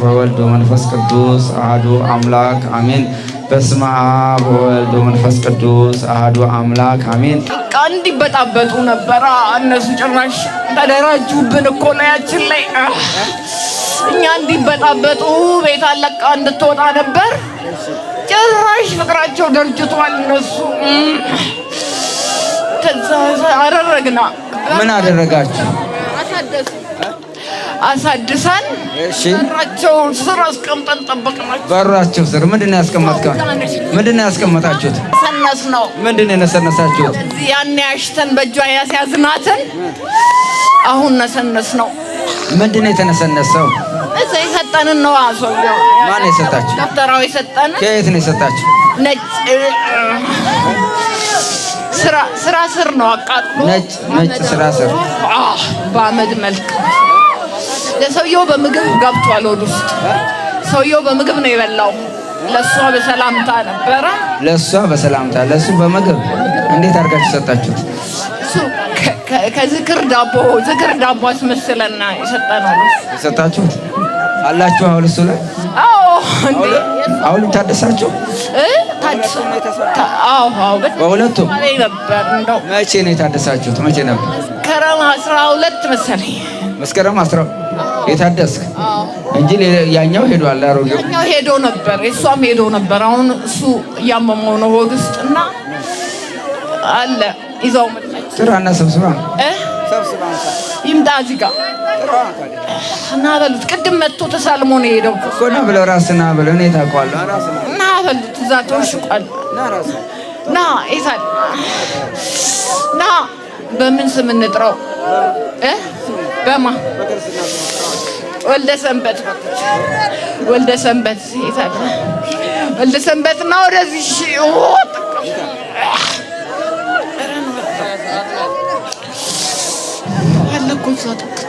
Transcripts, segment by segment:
በወልድ በመንፈስ ቅዱስ አህዱ አምላክ አሜን። በስመ አብ በወልድ በመንፈስ ቅዱስ አህዱ አምላክ አሜን። እንዲበጣበጡ ነበራ እነሱ ጭራሽ ተደራጁብን እኮ ላያችን ላይ እኛ እንዲበጣበጡ ቤት አለቃ እንድትወጣ ነበር። ጭራሽ ፍቅራቸው ደርጅቷል። እነሱ አደረግና ምን አደረጋችሁ? አሳድሰን በራቸው ስር አስቀምጠን ጠበቅናቸው። በራቸው ስር ምንድን ነው ያስቀመጥከው? ምንድን ነው ያስቀመጣችሁት? ነሰነስ ነው። ምንድን ነው የነሰነሳችሁት? ያኔ አሽተን በእጇ ያስያዝናትን አሁን ነሰነስ ነው። ምንድን ነው የተነሰነሰው? እዚህ የሰጠንን ነው። ሰውዬው ማነው የሰጣችሁ? ደብተራው የሰጠንን። ከየት ነው የሰጣችሁ? ነጭ ስራ ስር ነው አቃጥሎ ነጭ ስራ ስር በአመድ መልክ ሰውየው በምግብ ገብቷል ወደ ውስጥ። ሰውየው በምግብ ነው የበላው። ለእሷ በሰላምታ ነበረ። ለእሷ በሰላምታ ለእሱ በምግብ እንዴት አድርጋችሁ ሰጣችሁት? ከዝክር ዳቦ ዝክር ዳቦ አስመስለና የሰጠነው የሰጣችሁት አላችሁ አሁን እሱ ላይ አሁን ታደሳችሁ በሁለቱም መቼ ነው የታደሳችሁት? መቼ ነበር? ከረማ አስራ ሁለት መሰለኝ መስከረም አስራ የታደስክ እንጂ ያኛው ሄዷል። አሮጌው ያኛው ሄዶ ነበር፣ እሷም ሄዶ ነበር። አሁን እሱ እያመመው ነው ሆድ ውስጥ እና አለ ይዛው መጣች። ጥራና ሰብስባ ይምጣ እዚህ ጋር እና በሉት። ቅድም መጥቶ ተሳልሞ ነው የሄደው እኮ ነው ብለው ራስና ብለው እኔ ታውቀዋለሁ። እና በሉት እዛ ተወሽቋል። ና ይታል ና በምን ስም እንጥረው እ በማ ወልደ ሰንበት ወልደ ሰንበት ይታለ ወልደ ሰንበት ነው። ወደዚህ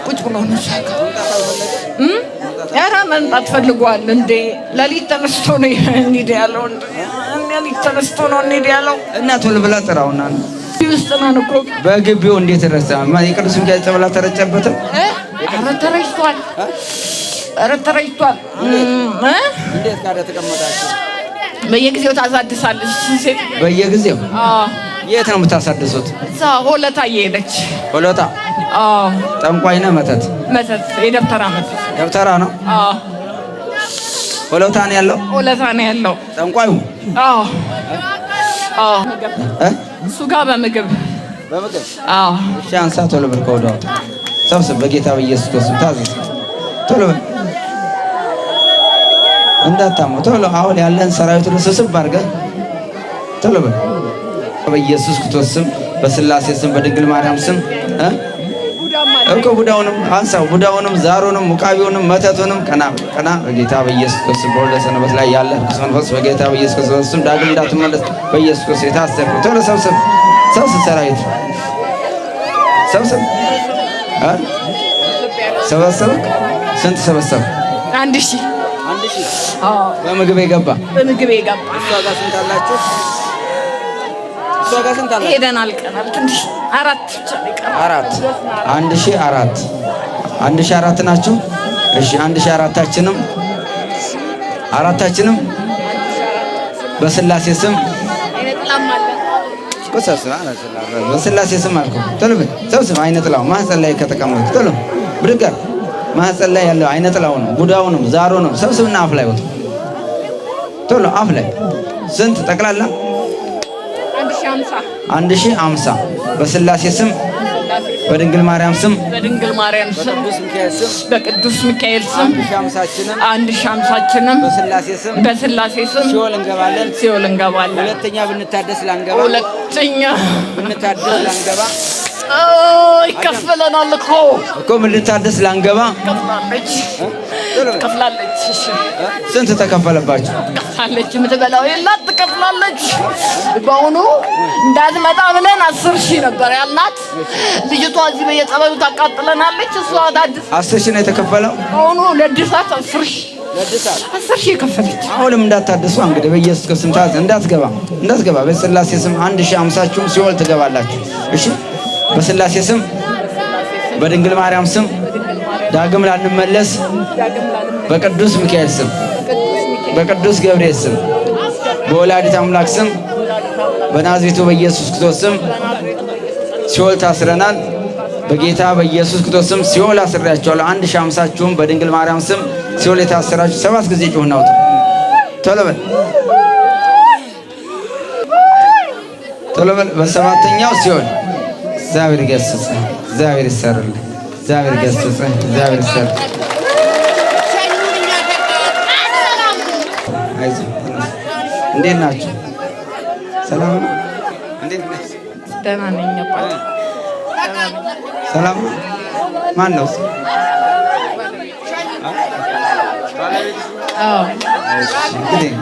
ቁጭ ብሎ ነው ኧረ መምጣት ፈልጓል እንዴ? ለሊት ተነስቶ ነው እንሂድ ያለው። ለሊት ተነስቶ ነው እንሂድ ያለው እና ቶሎ ብላ ጥራውና ውስጥናን እኮ በግቢው እንዴት ረሳ? የቅዱስ ሚካኤል ጸበል አልተረጨበትም? ኧረ ተረጭቷል። ኧረ ተረጭቷል። እንዴት ታዲያ ተቀመጣችሁ? በየጊዜው ታሳድሳለች ሴት። በየጊዜው የት ነው የምታሳድሱት? ሆለታ እየሄደች ሆለታ አዎ። ጠንቋይ ነህ? መተት መተት፣ የደብተራ መተት። ደብተራ ነው? አዎ። ነው ያለው? ወለታ ነው ያለው ጠንቋዩ? አዎ፣ አዎ። እሱ ጋር በምግብ በምግብ። አዎ። እሺ፣ አንሳ ቶሎ ብር ከወደ ሰብስብ፣ በጌታ በኢየሱስ ክርስቶስ ታዘዝ፣ ቶሎ ብር እንዳታሙ፣ ቶሎ አሁን ያለን ሰራዊት ስብስብ አድርገህ ቶሎ ብር በኢየሱስ ክርስቶስ ስም፣ በስላሴ ስም፣ በድንግል ማርያም ስም እብቅ ቡዳውንም አንሳው፣ ቡዳውንም፣ ዛሩንም፣ ሙቃቢውንም፣ መተቱንም ቀና ቀና በጌታ በኢየሱስ ክርስቶስ በወልደ ሰንበት ላይ ያለ ርኩስ መንፈስ በጌታ በኢየሱስ ክርስቶስ ስም ዳግም እንዳትመለስ በኢየሱስ ክርስቶስ የታሰርኩ ቶሎ ሰብስብ፣ ሰብስብ፣ ሰራዊት ሰብስብ። ሰበሰብ ስንት ሰበሰብ? አንድ ሺህ በምግብ የገባ በምግብ የገባ እሷ ጋር ስንት አላችሁ? እሷ ጋር ስንት አላት? ሄደን አልቀናል። አራት ብቻ አራት አንድ ሺህ አራት አንድ ሺህ አራት ናችሁ። እሺ አንድ ሺህ አራታችንም አራታችንም በስላሴ ስም በስላሴ ስም አልኩ። ቶሎ በል ሰብስብ። አይነ ጥላው ማህፀን ላይ ከተቀመጡ ቶሎ ብድግ አድርግ። ማህፀን ላይ ያለው አይነ ጥላውንም ጉዳውንም ዛሮንም ሰብስብና አፍ ላይ ቶሎ አፍ ላይ ስንት ጠቅላላ አንድ ሺህ አምሳ በስላሴ ስም በድንግል ማርያም ስም በድንግል ማርያም ስም በቅዱስ ሚካኤል ስም አንድ ሺህ አምሳችንም በስላሴ ስም ሲኦል እንገባለን ሲኦል እንገባለን። ሁለተኛ ብንታደስ ላንገባ ሁለተኛ ብንታደስ ላንገባ ይከፈለናል እኮ እኮ ብንታደስ ላንገባ ትከፍላለች። ስንት ተከፈለባችሁ? ትከፍላለች። የምትበላው የላት ትከፍላለች። በአሁኑ እንዳትመጣ ብለን አስር ሺህ ነበር ያልናት። ልጅቷ እዚህ በየጸበሉ ታቃጥለናለች። እሷ አስር ሺህ ነው የተከፈለው። በአሁኑ አስር ሺህ አስር ሺህ የከፈለች። አሁንም እንግዲህ በኢየሱስ ክርስቶስ እንዳትገባ እንዳትገባ። በስላሴ ስም አንድ ሺህ አምሳችሁም ትገባላችሁ። እሺ፣ በስላሴ ስም በድንግል ማርያም ስም ዳግም ላንመለስ በቅዱስ ሚካኤል ስም በቅዱስ ገብርኤል ስም በወላዲት አምላክ ስም በናዝሬቱ በኢየሱስ ክርስቶስ ስም ሲኦል ታስረናል። በጌታ በኢየሱስ ክርስቶስ ስም ሲኦል አስሬያችኋለሁ። አንድ ሺህ አምሳችሁም በድንግል ማርያም ስም ሲኦል የታሰራችሁ ሰባት ጊዜ ጩኸና አውጡ። ቶሎ በል ቶሎ በል። በሰባተኛው ሲኦል እግዚአብሔር ይገስጽ፣ እግዚአብሔር ይሰርልን። እግዚአብሔር ገሰጸ፣ እግዚአብሔር ሰጠ። እንዴት ናችሁ? ሰላም ነው። ደህና ነኝ። ሰላም ነው። ማን ነው?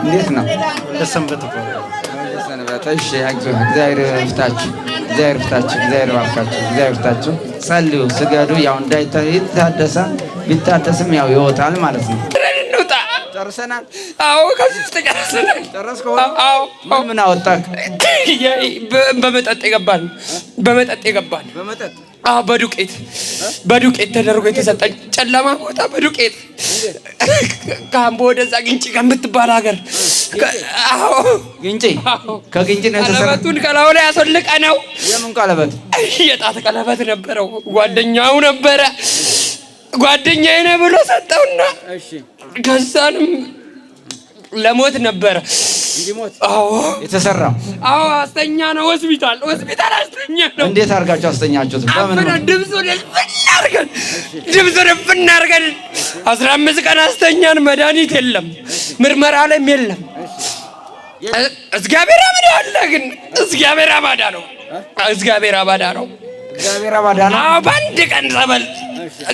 እንዴት ነው? እግዚአብሔር ይፍታችሁ። እግዚአብሔር ፍታችሁ፣ እግዚአብሔር ባርካችሁ፣ እግዚአብሔር ፍታችሁ። ጸልዩ፣ ስገዱ። ያው እንዳይታይ ቢታደስም ያው ይወጣል ማለት ነው። እንውጣ። በመጠጥ የገባን በመጠጥ የገባን በዱቄት በዱቄት ተደርጎ የተሰጠኝ ጨለማ ቦታ በዱቄት ከአምቦ ወደዛ ግንጭ ከምትባል ሀገር ግንጭ ከግንጭ ነው የተሰራ። ቀለበቱን ከላዩ ላይ ያስወልቀ ነው። የምን ቀለበት? የጣት ቀለበት ነበረው። ጓደኛው ነበረ ጓደኛዬ ነው ብሎ ሰጠውና ከዛንም ለሞት ነበረ የተሰራው። አዎ አስተኛ ነው። ሆስፒታል ሆስፒታል አስተኛ ነው። እንዴት አድርጋችሁ አስተኛችሁት? ድምፁን ድፍን አድርገን አስራ አምስት ቀን አስተኛን። መድኃኒት የለም ምርመራ ላይም የለም። እግዚአብሔር አባዳ አለ። ግን እግዚአብሔር አባዳ ነው። እግዚአብሔር አባዳ ነው። አዎ በአንድ ቀን ጸበል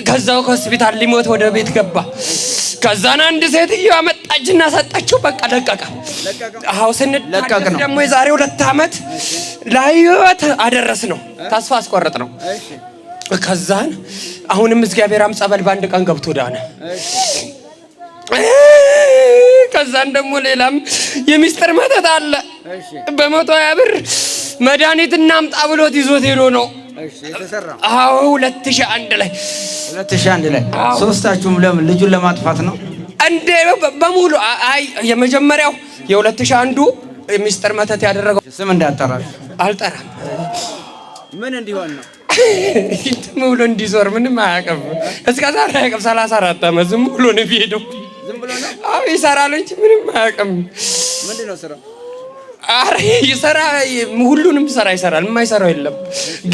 ከዛው ከሆስፒታል ሊሞት ወደ ቤት ገባ። ከዛን አንድ ሴትዮ አመጣችና ሰጣችው። በቃ ደቀቀ። አዎ ስንታደስ ደግሞ የዛሬ ሁለት ዓመት ለህይወት አደረስ ነው። ተስፋ አስቆረጥ ነው። ከዛን አሁንም እግዚአብሔራም ጸበል በአንድ ቀን ገብቶ ዳነ። ከዛን ደግሞ ሌላም የሚስጥር መተት አለ። በመቶ ያ ብር መድኃኒት እናምጣ ብሎት ይዞት ሄዶ ነው። አዎ ሁለት ሺህ አንድ ላይ ሁለት ሺህ አንድ ላይ ሶስታችሁም ለምን ልጁን ለማጥፋት ነው እንዴ? በሙሉ አይ የመጀመሪያው የሁለት ሺህ አንዱ ሚስጥር መተት ያደረገው ስም እንዳጠራ አልጠራም። ምን እንዲሆን ነው ዝም ብሎ እንዲዞር ምንም አያውቅም። እስከ ዛሬ አያውቅም። ሰላሳ አራት ዓመት ዝም ብሎ ነው የሚሄደው። ዝም ብሎ ነው? አዎ ይሰራል እንጂ ምንም አያውቅም። ምንድን ነው ስራው? ኧረ ይሰራ ሁሉንም ስራ ይሰራል። የማይሰራው የለም።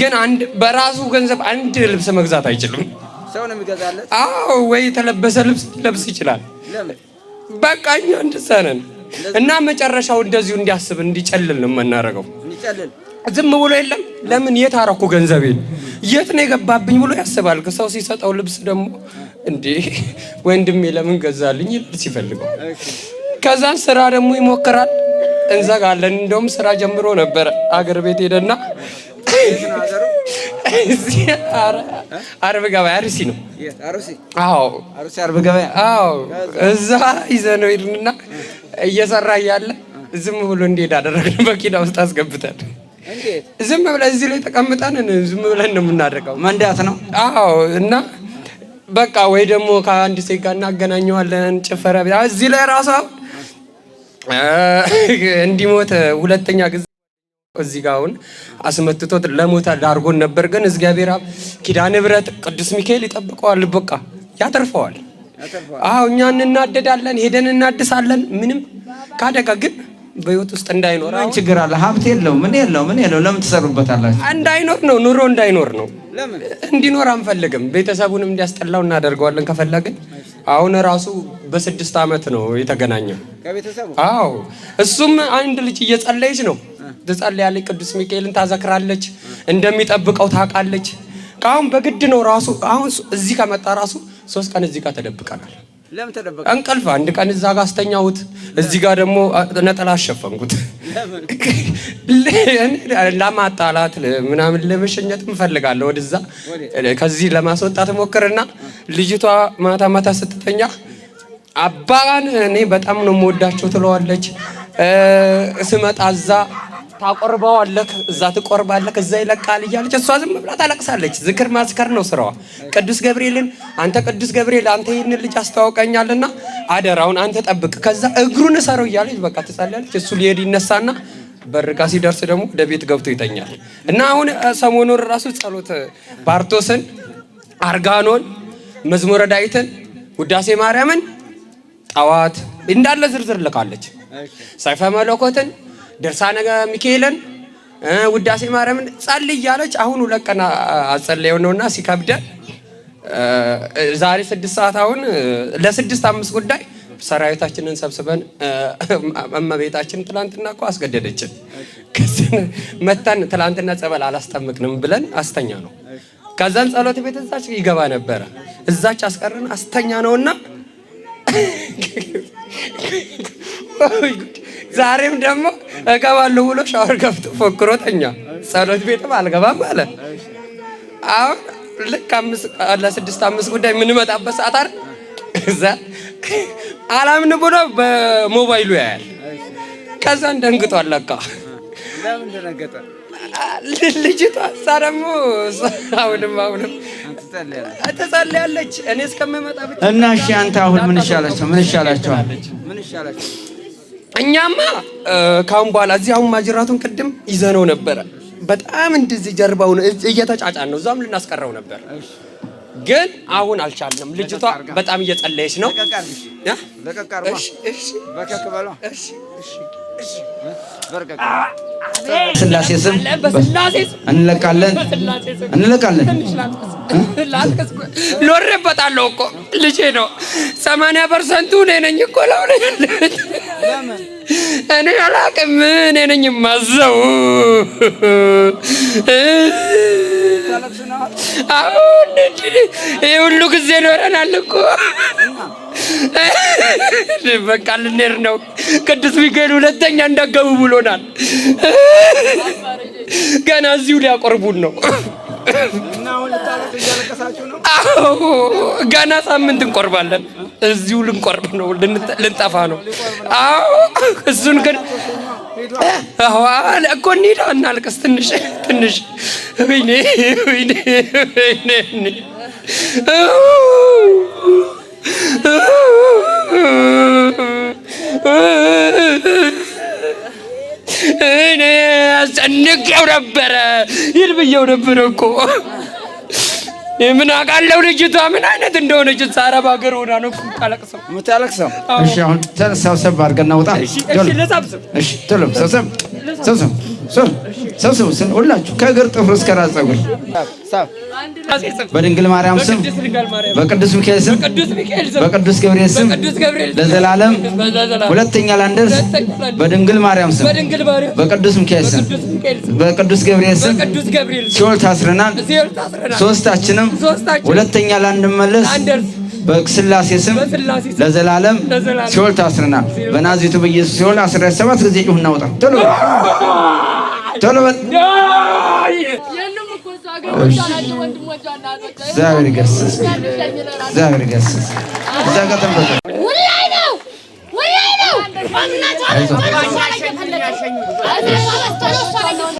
ግን አንድ በራሱ ገንዘብ አንድ ልብስ መግዛት አይችልም። ሰው ነው የሚገዛለት። አዎ ወይ የተለበሰ ልብስ ሊለብስ ይችላል። በቃ እኛ እንደዛ ነን። እና መጨረሻው እንደዚሁ እንዲያስብ እንዲጨልል ነው የምናደርገው። ዝም ብሎ የለም ለምን የት አረኩ ገንዘቤን የት ነው የገባብኝ ብሎ ያስባል። ሰው ሲሰጠው ልብስ ደግሞ እንዴ ወንድሜ ለምን ገዛልኝ ይላል ሲፈልገው። ከዛ ስራ ደግሞ ይሞክራል፣ እንዘጋለን። እንደውም ስራ ጀምሮ ነበረ አገር ቤት ሄደና አርብ ገበያ አርሲ ነው። አዎ አርሲ አርብ ገበያ አዎ። እዛ ይዘነው ሄድንና እየሰራ እያለ ዝም ብሎ እንዴት አደረግን፣ መኪና ውስጥ አስገብተን ዝም ብለን እዚህ ላይ ተቀምጠን ዝም ብለን ነው የምናደርገው። መንዳት ነው አዎ እና በቃ ወይ ደግሞ ከአንድ ሴት ጋር እናገናኘዋለን። ጭፈረ እዚህ ላይ ራሷ እንዲሞት ሁለተኛ ጊዜ እዚህ ጋር አሁን አስመትቶት ለሞት ዳርጎን ነበር፣ ግን እግዚአብሔር አብ ኪዳነ ምሕረት ቅዱስ ሚካኤል ይጠብቀዋል። በቃ ያተርፈዋል። አዎ እኛ እንናደዳለን፣ ሄደን እናድሳለን። ምንም ካደጋ ግን በህይወት ውስጥ እንዳይኖር አሁን ችግር አለ። ሀብት የለው ምን የለው ምን የለው ለምን ትሰሩበታላችሁ? እንዳይኖር ነው ኑሮ እንዳይኖር ነው። እንዲኖር አንፈልግም። ቤተሰቡንም እንዲያስጠላው እናደርገዋለን ከፈለግን። አሁን ራሱ በስድስት ዓመት ነው የተገናኘው። አዎ እሱም አንድ ልጅ እየጸለየች ነው ትጸልያለች፣ ቅዱስ ሚካኤልን ታዘክራለች፣ እንደሚጠብቀው ታውቃለች። ከአሁን በግድ ነው ራሱ አሁን እዚህ ከመጣ ራሱ ሶስት ቀን እዚህ ጋር ተደብቀናል። እንቅልፍ አንድ ቀን እዛ ጋር አስተኛሁት፣ እዚህ ጋር ደግሞ ነጠላ አሸፈንኩት። ለማጣላት ምናምን ለመሸኘት እንፈልጋለሁ ወደዛ ከዚህ ለማስወጣት ሞክርና ልጅቷ ማታ ማታ ስትተኛ አባባን እኔ በጣም ነው የምወዳቸው ትለዋለች። ስመጣ እዛ ታቆርበዋለህ፣ እዛ ትቆርባለህ፣ እዛ ይለቃል እያለች እሷ ዝም ብላ ታለቅሳለች። ዝክር ማስከር ነው ስራዋ። ቅዱስ ገብርኤልን አንተ ቅዱስ ገብርኤል አንተ ይህንን ልጅ አስተዋውቀኛልና አደራውን አንተ ጠብቅ፣ ከዛ እግሩን እሰረው እያለች በቃ ትጸልያለች። እሱ ሊሄድ ይነሳና በርጋ ሲደርስ ደግሞ ወደ ቤት ገብቶ ይተኛል። እና አሁን ሰሞኑን ራሱ ጸሎት ባርቶስን፣ አርጋኖን፣ መዝሙረ ዳዊትን፣ ውዳሴ ማርያምን፣ ጠዋት እንዳለ ዝርዝር ልካለች ሰይፈ መለኮትን ድርሳነ ሚካኤልን ውዳሴ ማርያምን ጸልይ እያለች አሁን ሁለት ቀን አጸለየው ነውና ሲከብደን ዛሬ ስድስት ሰዓት አሁን ለስድስት አምስት ጉዳይ ሰራዊታችንን ሰብስበን እመቤታችን ትላንትና እኮ አስገደደችን። መተን ትላንትና ጸበል አላስጠምቅንም ብለን አስተኛ ነው። ከዛን ጸሎት ቤት እዛች ይገባ ነበረ እዛች አስቀርን አስተኛ ነውና ዛሬም ደግሞ እገባለሁ ብሎ ሻወር ገብቶ ፎክሮ ተኛ። ጸሎት ቤትም አልገባም አለ። አሁን ልክ ለስድስት አምስት ጉዳይ የምንመጣበት ሰዓት አይደል? እዛ አላምን ብሎ በሞባይሉ ያያል። ከዛ እንደንግጧል ለካ ልጅቷ እዛ ደግሞ አሁንም አሁንም ትጸልያለች። እኔ እስከምመጣ ብቻ እና እሺ፣ አንተ አሁን ምን ይሻላቸው? ምን ይሻላቸዋል? እኛማ ካሁን በኋላ እዚህ አሁን ማጅራቱን ቅድም ይዘነው ነበረ። በጣም እንደዚህ ጀርባውን እየተጫጫን ነው። እዛም ልናስቀረው ነበር ግን አሁን አልቻለም። ልጅቷ በጣም እየጸለየች ነው። እሺ ስላሴ ስም እንለቃለን እንለቃለን። ሎሬበታለሁ እኮ ልጄ ነው። ሰማንያ ፐርሰንቱ እኔ ነኝ እኮ ለሁለ እኔ አላቅም። እኔ ነኝ የማዘው። አሁን ይህ ሁሉ ጊዜ ኖረናል እኮ በቃ ልንሄድ ነው። ቅዱስ ሚካኤል ሁለተኛ እንዳገቡ ብሎናል። ገና እዚሁ ሊያቆርቡን ነው። ገና ሳምንት እንቆርባለን። እዚሁ ልንቆርብ ነው፣ ልንጠፋ ነው። አዎ እሱን ግን እኮ እንሂዳ እናልቅስ ትንሽ ትንሽ። ወይኔ ወይኔ ወይኔ እኔ አስጨንቄው ነበረ። ይህን ብየው ነበረ እኮ ምን አውቃለሁ፣ ልጅቷ ምን አይነት እንደሆነች አረብ ሀገር ሆና ነው የምታለቅሰው የምታለቅሰው። እሺ አሁን ሰብሰብ አድርገን እናውጣ። እሺ፣ ሰብሰብ ሰብሰብ ሰብስቡ ሁላችሁ ከእግር ጥፍር እስከ ራስ ፀጉር በድንግል ማርያም ስም በቅዱስ ሚካኤል ስም በቅዱስ ገብርኤል ስም ለዘላለም ሁለተኛ ላንደርስ በድንግል ማርያም ስም በቅዱስ ሚካኤል ስም በቅዱስ ገብርኤል ስም ሲኦል ታስረናል። ሶስታችንም ሁለተኛ ላንድመለስ በስላሴ ስም ለዘላለም ሲኦል ታስረናል። በናዝሬቱ በኢየሱስ ሲኦል አስራ ሰባት ጊዜ ጩኸና ወጣ ቶሎ እግዚአብሔር ይገስጽ፣ እግዚአብሔር ይገስጽ። እዛ ጋር ተንበጠ ነው